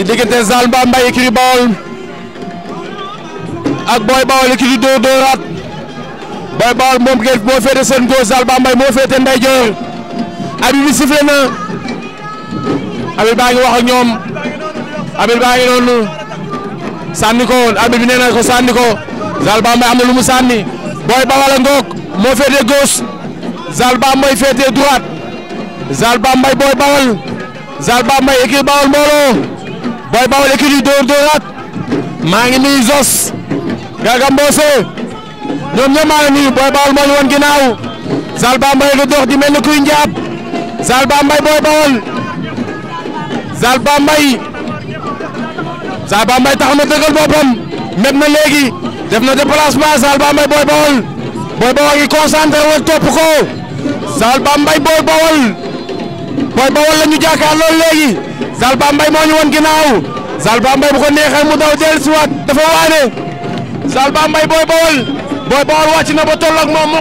ci diggante Zalba Mbaye écurie Bawol ak Boy Bawol écurie Dóor Dóoraat Boy Bawol moo féete seen góor Zalba Mbaye moo féete ndeyjoor Habib bi sifflé na Habib ngi wax ñoom Habib baa ngi noonu sànni ko woon Habib bi nee ko sànni ko Zalba Mbaye am na lu Bawol a moo féete gauche Zalba Mbaye féete droite Zalba Mbaye Boy Bawol Zalba Mbaye écurie Bawol mbooloo Boy Baol équipe yi dóor dóoraat maa ngi nuyu Zos Garga Mbossé ñoom maa ngi nuyu Boy Baol moo ñu woon ginnaaw Zal Bambey nga dox di mel ni kuy njaab Zal Bambey Boy Baol Zal Bambey tax na dëggal boppam meb na léegi def na déplacement Zal Bambey Boy Baol Boy Baol ngi concentré woon topp ko Zal Bambey Boy Baol. Boy Baol la ñu jàkkaarloo léegi Zal Bambey moo ñu won Zal Bambey bu ko neexee mu daw dellusiwaat dafa waane Zal Bambey Boy Baol Boy Baol wàcc na ba toll ak moom mu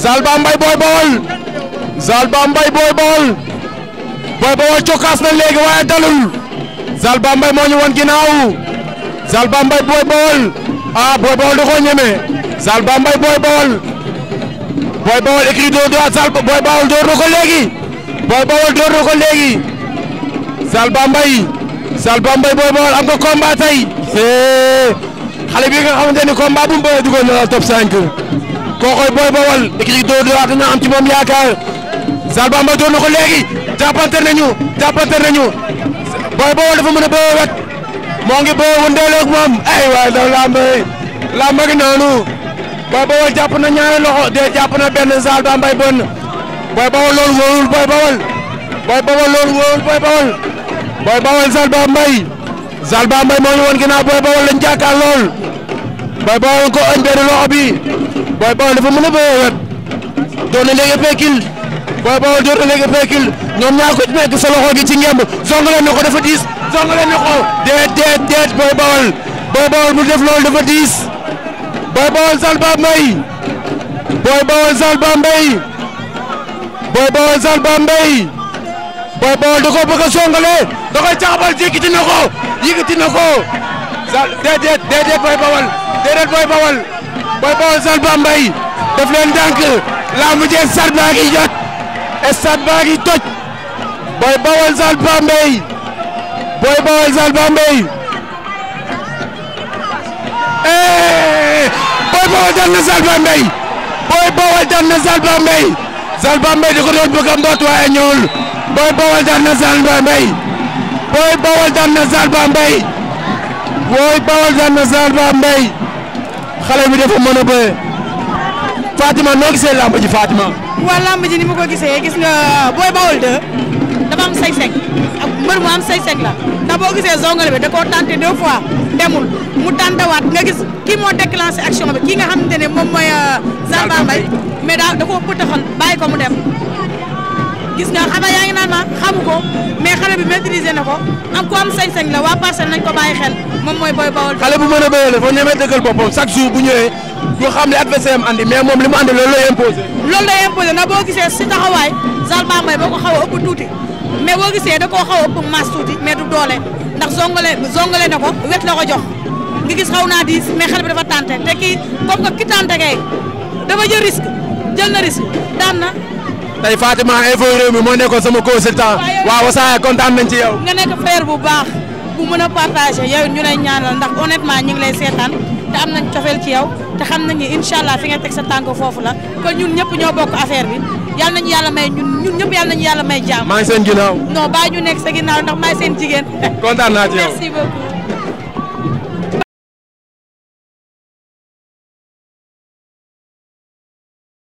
xaw a waaye dalul Zal Bambey moo ñu won Zal Bambey Boy Baol ah Boy Baol da koo ñeme Zal Bambey Boy Baol Boy Baol écrit doo doo Sal Boy Baol door na ko léegi Boy Baol door na ko léegi Sal Bambay Boy Baol am nga combat tey xale bi nga xamante ni combat bu mu bëree na la top 5 kookoy Boy Baol écrit doo doo dina am ci moom yaakaar Sal Bambay door na ko léegi jàppante nañu jàppante nañu Boy Baol dafa mën a bëree wet moo ngi bëree wëndeeloo moom ay waay daw làmb làmb gi noonu. Boy Baol jàpp na ñaari loxo de jàpp na benn saal ba mbay bonn Boy Baol loolu wóorul Boy Baol Boy Baol loolu wóorul Boy Baol Boy Baol saal ba mbay saal ba mbay moo ñu woon ginnaaw Boy Baol lañ jàkkaar lool Boy Baol ko ëñ benn loxo bi Boy Baol dafa mën a bëree wet doon na léegi fekkil Boy Baol doon na léegi fekkil ñoom ñaar ko nekk sa loxo gi ci ngemb zongalee na ko dafa diis zongalee na ko déet déet déet Boy Baol Boy Baol def loolu dafa diis Boy Baol Zal Baba Mbaye Boy Baol Zal Baba Mbaye Boy Baol Zal Baba Mbaye Boy Baol da ko bëgg a songale da koy caxabal yëkkati na ko yëkkati na ko daf leen dànk laa mujjee stade baa toj Boy Baol Zal Baba Mbaye Boy Boy Baol daan na Zalba Mbaye Boy Baol daan na Zalba Mbaye Zalba Mbaye da ko doon bëgg a mboot daan na Zalba Mbaye Boy Baol daan na Zalba Mbaye Boy mën a bëre Fatima noo gisee lamb ji Fatima. waa lamb ni ma ko gisee gis nga Boy Baol 2 dafa am say sec mbër mu am say la ndax boo gisee zongale bi da koo tenté deux fois. demul mu tàndawaat nga gis kii moo déclenché action bi kii nga xam xamante ne moom mooy euh, Zalba Mbaye mais daal da koo pëtaxal bàyyi ko mu dem gis nga xanaa yaa ngi naan ma xamu ko mais xale bi maîtriser na ko am ko am sañ-sañ la waa parcelle nañ ko bàyyi xel moom mooy booy bawol xale bu mën a béyee la foo ñemee dëggal boppam chaque jour bu ñëwee du xam ne adversaire am andi mais moom li mu andi loolu lay imposé loolu lay imposé na boo gisee si taxawaay Zalba Mbaye ba ko xaw a ëpp tuuti mais boo gisee da koo xaw a ëpp masse tuuti mais du doole ndax zongale zongale na ko wet la ko jox nga gis xaw naa diis mais xel bi dafa tànte te kii comme que ki tànte kay dafa jël risque jël na risque daan na. tey Fatima info réew mi moo nekkoon sama consultant waaw Wassare kontaan nañ ci yow. nga nekk frère bu baax bu mën a partager yow ñu lay ñaanal ndax honnêtement ñu ngi lay seetaan. te am nañ cofeel ci yow te xam nañ ni allah fi nga teg sa tànk foofu la kon ñun ñëpp ñoo bokk affaire bi yal nañu yàlla may ñun ñun ñëpp yal nañu yàlla may jàmm. maa ngi seen ginnaaw. non baa ñu nekk sa ginnaaw ndax maa ngi seen jigéen. kontaan naa ci